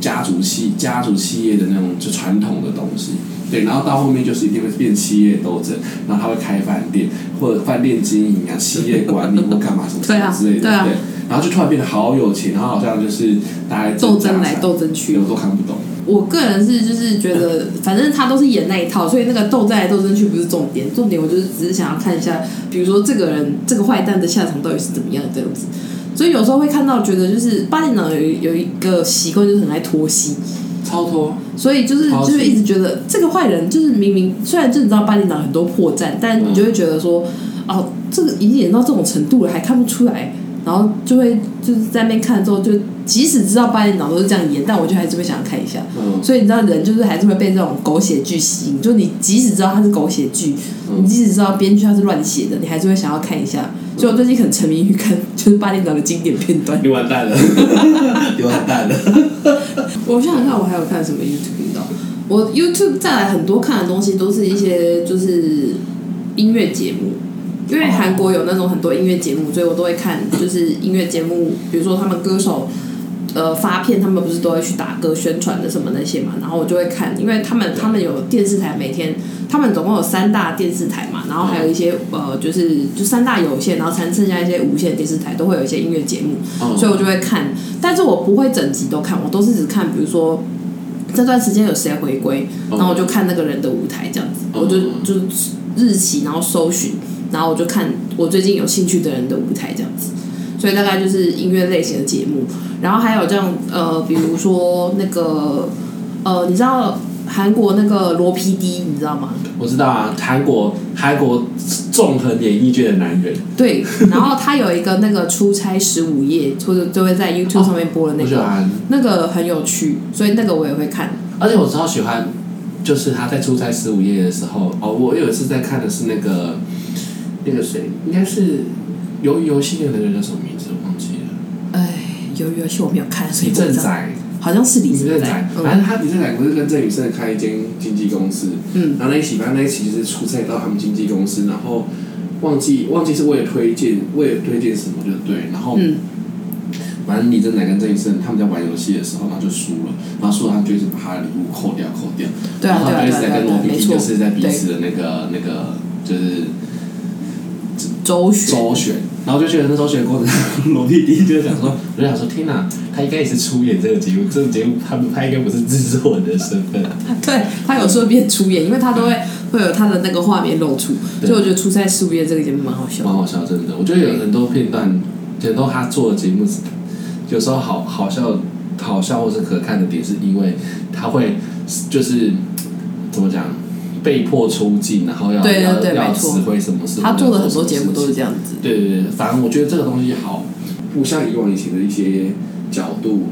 [SPEAKER 2] 家族企家族企業的那種就傳統的東西。對，然後到後面就是一定會變企業鬥爭，然後他會開飯店或者飯店經營啊，企業管理或幹嘛什麼之類的 對、啊對啊，對。然後就突然變得好有錢，然後好像就是
[SPEAKER 1] 大家鬥爭來鬥爭去，我都看不懂。我個人是就是覺得，反正他都是演那一套，所以那個鬥爭來鬥爭去不是重點，重點我就是只是想要看一下，比如說這個人這個壞蛋的下場到底是怎麼樣這樣子。所以有時候會看到，覺得就是八點檔有有一個習慣就是很愛拖戲。超脫，所以就是就是一直覺得這個壞人就是明明雖然就是知道八點檔很多破綻，但你就會覺得說，哦、嗯啊，這個已經演到這種程度了還看不出來，然後就會就是在那邊看了之後，就即使知道八點檔都是這樣演，但我就還是會想要看一下。嗯、所以你知道人就是還是會被這種狗血劇吸引，就是你即使知道它是狗血劇、嗯，你即使知道編劇他是亂寫的，你還是會想要看一下。所以我最近很沉迷於看，就是八點檔的經典片段。你完蛋了！ 你完蛋了！我想想看我還有看什麼 YouTube 頻道？我 YouTube 再來很多看的東西，都是一些就是音樂節目，因為韓國有那種很多音樂節目，所以我都會看，就是音樂節目，比如說他們歌手呃發片，他們不是都會去打歌宣傳的什麼那些嘛，然後我就會看，因為他們他們有電視台每天。他們總共有三大電視台嘛，然後還有一些、oh. 呃，就是就三大有線，然後還剩下一些無線電視台都會有一些音樂節目，oh. 所以我就會看，但是我不會整集都看，我都是只看，比如說這段時間有誰回歸，然後我就看那個人的舞台這樣子，oh. 我就就日期然後搜尋，然後我就看我最近有興趣的人的舞台這樣子，所以大概就是音樂類型的節目，然後還有這樣呃，比如說那個呃，你知道。韓國那個羅 PD 你知道嗎？
[SPEAKER 2] 我知道啊，韓國韓國縱橫演藝圈的男人。
[SPEAKER 1] 對，然後他有一個那個出差十五夜，或者就會在 YouTube 上面播的那個、哦我，那個很有趣，所以那個我也會看。而且我
[SPEAKER 2] 超喜歡，就是他在出差十五夜的時候，哦，我有一次在看的是那個那個誰，應該是魷魚遊戲那個人叫什麼名字我忘記了。
[SPEAKER 1] 哎，魷魚遊戲我沒有看，誰正在。
[SPEAKER 2] 好像是李正宰，反正他李正宰不是跟鄭雨盛開一間經紀公司，嗯、然後在一起，反正在一起就是出差到他們經紀公司，然後忘記忘記是為了推薦，為了推薦什麼就對，然後反正李正宰跟鄭雨盛他們在玩遊戲的時候然後就輸了，然後輸了他就是把他的禮物扣掉扣掉，對啊、然後他鄭宇在跟羅賓就是在彼此的那個、就是的那個、那個就是。周旋，周旋，然後就選在周旋的過程，我弟弟就想說，我就想說，天哪，他應該也是出演這個節目，這個節目他他應該不是制作人的身
[SPEAKER 1] 份。 對，他有時候變出演，因為他都會 會有他的那個畫面露出，所以我覺得《出在樹葉》這個節目蠻好笑，蠻好笑，真
[SPEAKER 2] 的。我覺得有很多片段，很多他做的節目有時候好好笑，好笑或是可看的點，是因為他會就是怎麼講。被迫出鏡，然後要對對對要要指揮什麼什麼，他做的很多節目都是這樣子。對對對，反正我覺得這個東西好，不像以往以前的一些角度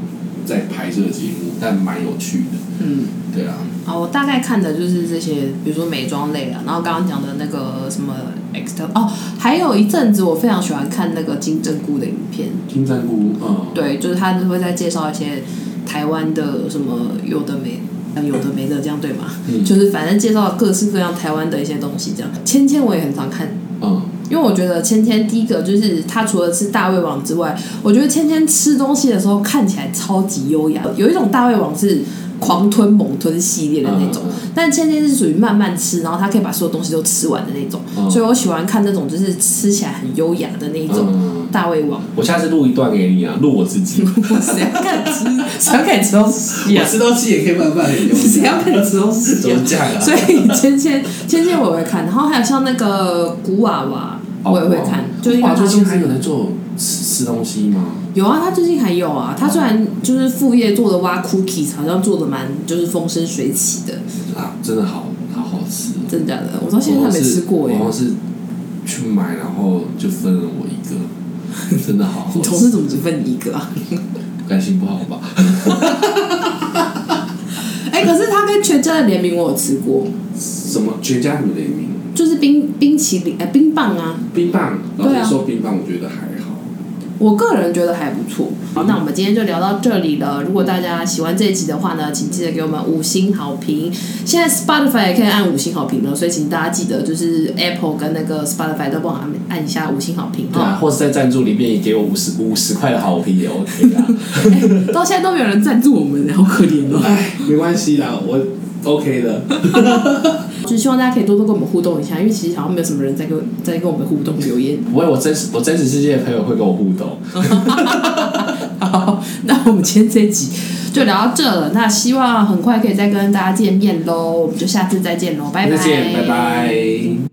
[SPEAKER 2] 在拍攝節目，但蠻有趣的。
[SPEAKER 1] 嗯，對啊。啊，我大概看的就是這些，比如說美妝類啊，然後剛剛講的那個什麼 X 特哦，還有一陣子我非常喜歡看那個金針菇的影片。
[SPEAKER 2] 金針菇，嗯，
[SPEAKER 1] 對，就是他會在介紹一些台灣的什麼有的美。有的沒的，這樣對嗎？嗯，就是反正介紹各式各樣台灣的一些東西，這樣。芊芊我也很常看，嗯，因為我覺得芊芊第一個就是他除了吃大胃王之外，我覺得芊芊吃東西的時候看起來超級優雅，有一種大胃王是狂吞猛吞系列的那種，嗯、但芊芊是屬於慢慢吃，然後她可以把所有東西都吃完的那種、嗯，所以我喜歡看那種就是吃起來很優雅的那種大胃王。嗯、
[SPEAKER 2] 我下次錄一段給你啊，錄我自己， 我只要看
[SPEAKER 1] 你吃、啊 吃慢慢，只要看你吃東西，啊，吃東西也可以慢慢。只要看你吃東西，所以芊芊，芊芊我也會看，然後還有像那個古娃娃。我也會看，他
[SPEAKER 2] 最近因為最近還有在做吃吃東西嗎？
[SPEAKER 1] 有啊，他最近還有啊，他雖然就是副業做的挖 cookies，好像做的蠻就是風生水起的啊，真的好好好吃，真的假的？我到現在還沒吃過哎，然後
[SPEAKER 2] 是去買，然後就分了我一個，真的好，好， 你同事怎麼只分你一個啊？感情不好吧？
[SPEAKER 1] 哎、 欸，可是他跟全家的聯名我有吃過，
[SPEAKER 2] 什麼全家什麼聯名？
[SPEAKER 1] 就是冰冰淇淋，哎、欸，冰棒啊！冰棒，對啊，說
[SPEAKER 2] 冰棒，我覺得
[SPEAKER 1] 還好、啊。我個人覺得還不錯、嗯。那我們今天就聊到這裡了。如果大家喜歡這一集的話呢，請記得給我們五星好評。現在 Spotify 也可以按五星好評了，所以請大家記得就是 Apple 跟那個 Spotify 都幫忙按，按一下五星好評啊，哦、或
[SPEAKER 2] 者在贊助裡面也給我五十五十塊的好評也 OK、 欸。
[SPEAKER 1] 到現在都沒有人贊助我們，好可憐哦哎，
[SPEAKER 2] 沒關係啦，我。
[SPEAKER 1] OK 的， 就是希望大家可以多多跟我們互動一下，因為其實好像沒有什麼人在跟在跟我們互動留言。
[SPEAKER 2] 我真實我真實世界的朋友會跟我互動。
[SPEAKER 1] 好，那我們今天這一集就聊到這了，那希望很快可以再跟大家見面嘍，我們就下次再見嘍，拜拜，再見拜拜。